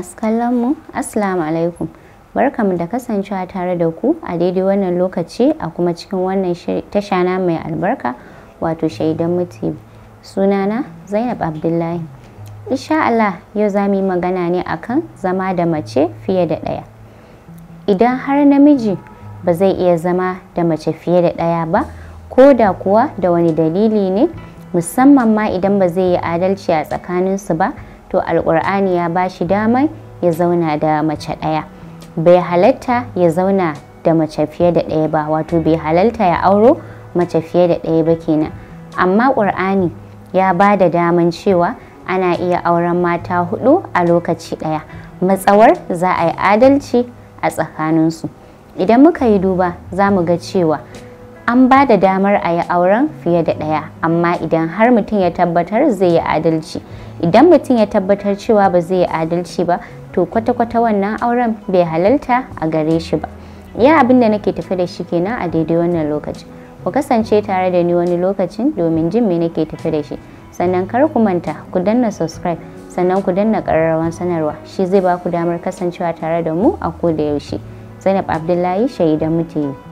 masu kallon mu assalamu alaikum barkamu da kasancewa tare da ku a daidai wannan lokaci a kuma cikin wannan tasha na mai albarka wato shaidan mutum sunana zainab abdullahi insha Allah yau za mu yi magana ne akan zama da mace fiye da ɗaya idan har namiji ba zai iya zama da mace fiye da ɗaya ba ko da kuwa da wani dalili ne musamman ma idan ba zai yi adalci a tsakaninsu ba to alkur'ani ya ba shi damar ya zauna da mace ɗaya bai halatta ya zauna da mace fiye da ɗaya ba wato bai halalta ya auro mace fiye da ɗaya ba kenan amma ƙur'ani ya ba da daman cewa ana iya auren mata hudu a lokaci ɗaya matsawar za a yi adalci a tsakaninsu idan muka yi duba za mu ga cewa an ba da damar a yi auren fiye da ɗaya amma idan har mutum ya tabbatar zai yi adalci idan mutum ya tabbatar cewa ba zai yi adalci ba to kwata-kwata wannan auren bai halalta a gare shi ba ya abin da nake tafi da shi kenan a daidai wannan lokacin ku kasance tare da ni wani lokacin domin jin me nake tafi da shi sannan kar ku manta ku danna subscribe sannan ku danna ƙararrawan sanarwa shi zai ba ku damar kasancewa tare da mu a koda yaushe zainab abdullahi shaidan mutane